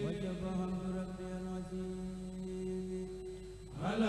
وجب حمد ربي العزيز على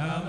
yaa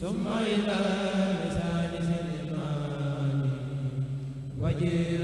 ثم إلى لسان سليمان وجيل